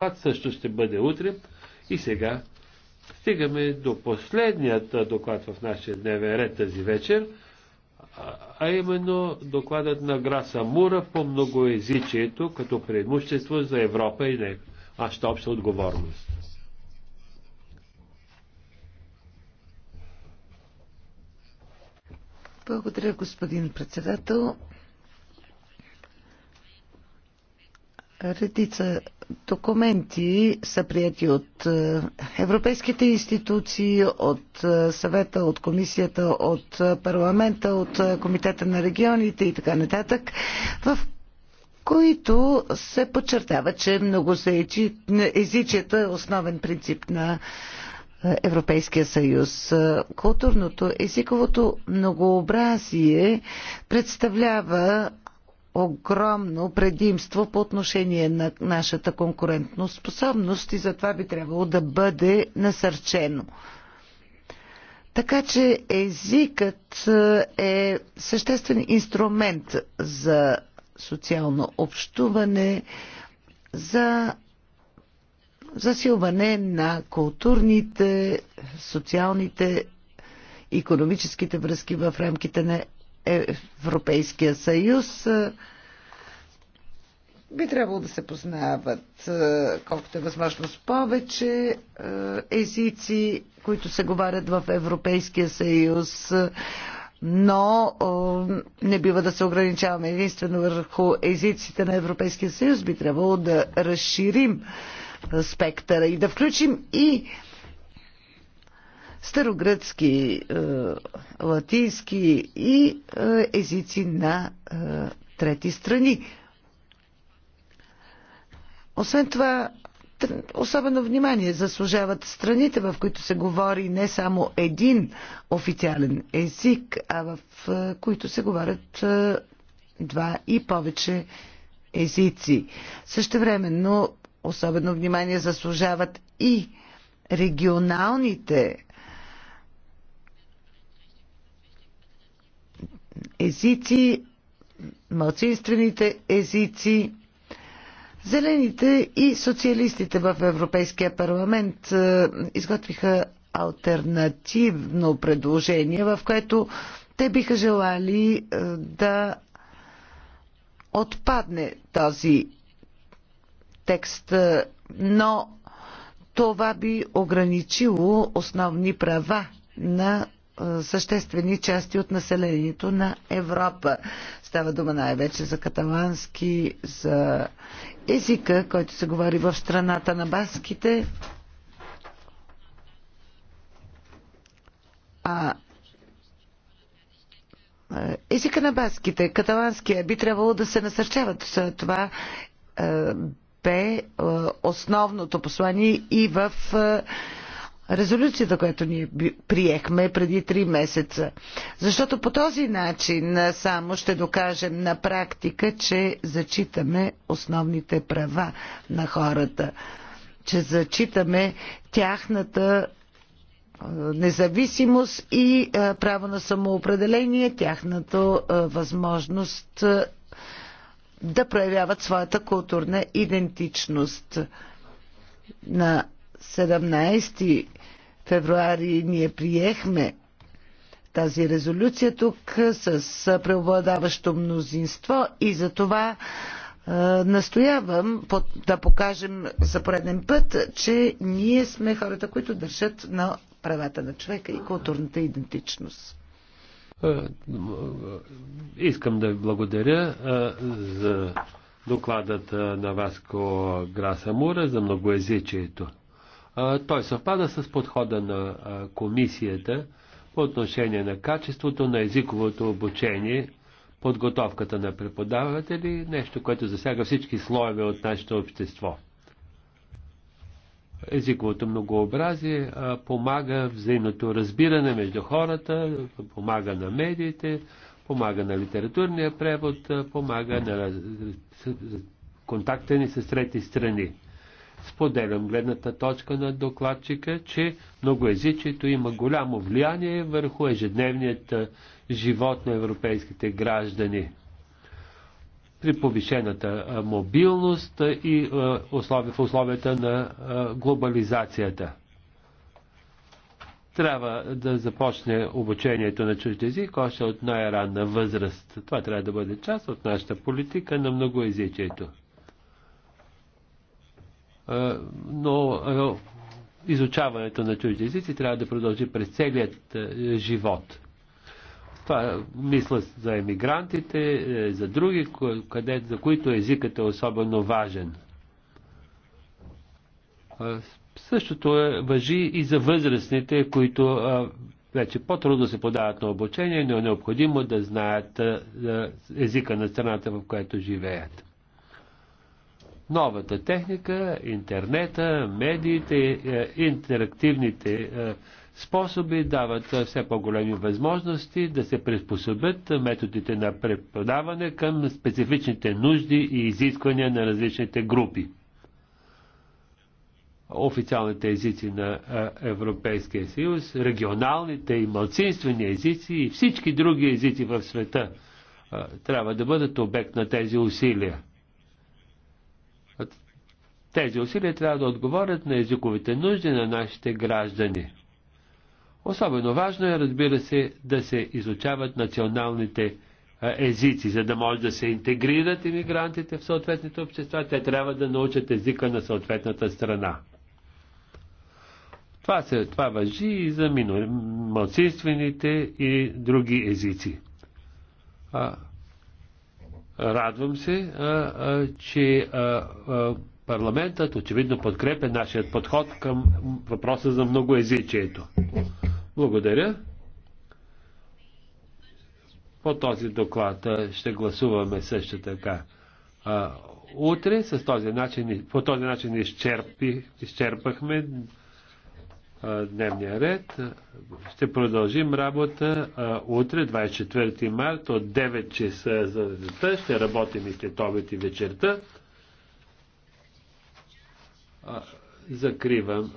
Това също ще бъде утре. И сега стигаме до последният доклад в нашия дневен ред тази вечер, а именно докладът на Граса Мура по многоезичието като преимущество за Европа и не, нашата обща отговорност. Благодаря, господин председател. Редица документи са прияти от е, европейските институции, от е, съвета, от комисията, от е, парламента, от комитета на регионите и така нататък, в които се подчертава, че многоезичието е основен принцип на Европейския съюз. Културното, езиковото многообразие представлява огромно предимство по отношение на нашата конкурентност способност и затова би трябвало да бъде насърчено. Така че езикът е, е съществен инструмент за социално общуване, за засилване на културните, социалните, економическите връзки в рамките на Европейския съюз е, би трябвало да се познават е, колкото е възможно повече е, езици, които се говорят в Европейския съюз, но не бива да се ограничаваме единствено върху езиците на Европейския съюз. Би трябвало да разширим спектъра и да включим и старогръцки, е, латински и е, езици на е, трети страни. Освен това, особено внимание заслужават страните, в които се говори не само един официален език, а в които се говорят два и повече езици. Същевременно особено внимание заслужават и регионалните езици, малцинствените езици. Зелените и социалистите в Европейския парламент е, изготвиха альтернативно предложение, в което те биха желали е, да отпадне този текст, е, но това би ограничило основни права на съществени части от населението на Европа. Става дума най-вече за каталански, за езика, който се говори в страната на баските. А е, езика на баските, каталанския, би трябвало да се насърчават. Това е, бе е, основното послание и в резолюцията, която ние приехме преди три месеца. Защото по този начин само ще докажем на практика, че зачитаме основните права на хората, че зачитаме тяхната независимост и право на самоопределение, тяхната възможност да проявяват своята културна идентичност на 17 февруари ние приехме тази резолюция тук с преобладаващо мнозинство и за това е, настоявам под, да покажем за пореден път, че ние сме хората, които държат на правата на човека и културната идентичност. Е, искам да ви благодаря е, за докладът е, на Васко Мура за многоязичието. Той съвпада с подхода на комисията по отношение на качеството на езиковото обучение, подготовката на преподаватели, нещо, което засяга всички слоеве от нашето общество. Езиковото многообразие помага взаимното разбиране между хората, помага на медиите, помага на литературния превод, помага на контакта ни с трети страни. Споделям гледната точка на докладчика, че многоязичието има голямо влияние върху ежедневният живот на европейските граждани при повишената мобилност и в условията на глобализацията. Трябва да започне обучението на език още от най-ранна възраст. Това трябва да бъде част от нашата политика на многоязичието но изучаването на чужди езици трябва да продължи през целият живот. Това мисля за емигрантите, е, за други, къде, за които езикът е особено важен. Същото е, въжи и за възрастните, които вече по-трудно се подават на обучение, но е необходимо да знаят езика на страната, в която живеят новата техника, интернета, медиите, е, интерактивните е, способи дават е, все по-големи възможности да се приспособят методите на преподаване към специфичните нужди и изисквания на различните групи. Официалните езици на Европейския съюз, регионалните и малцинствени езици и всички други езици в света трябва да бъдат обект на тези усилия. Тези усилия трябва да отговорят на езиковите нужди на нашите граждани. Особено важно е, разбира се, да се изучават националните езици, за да може да се интегрират иммигрантите в съответните общества, те трябва да научат езика на съответната страна. Това, се, това въжи и за малцинствените и други езици. А, радвам се, а, а, че а, а, Парламентът очевидно подкрепя нашият подход към въпроса за многоязичието. Благодаря. По този доклад ще гласуваме също така. А, утре с този начин, по този начин изчерпи, изчерпахме а, дневния ред. Ще продължим работа а, утре, 24 марта, от 9 часа за дета. Ще работим и след обед и вечерта. Закривам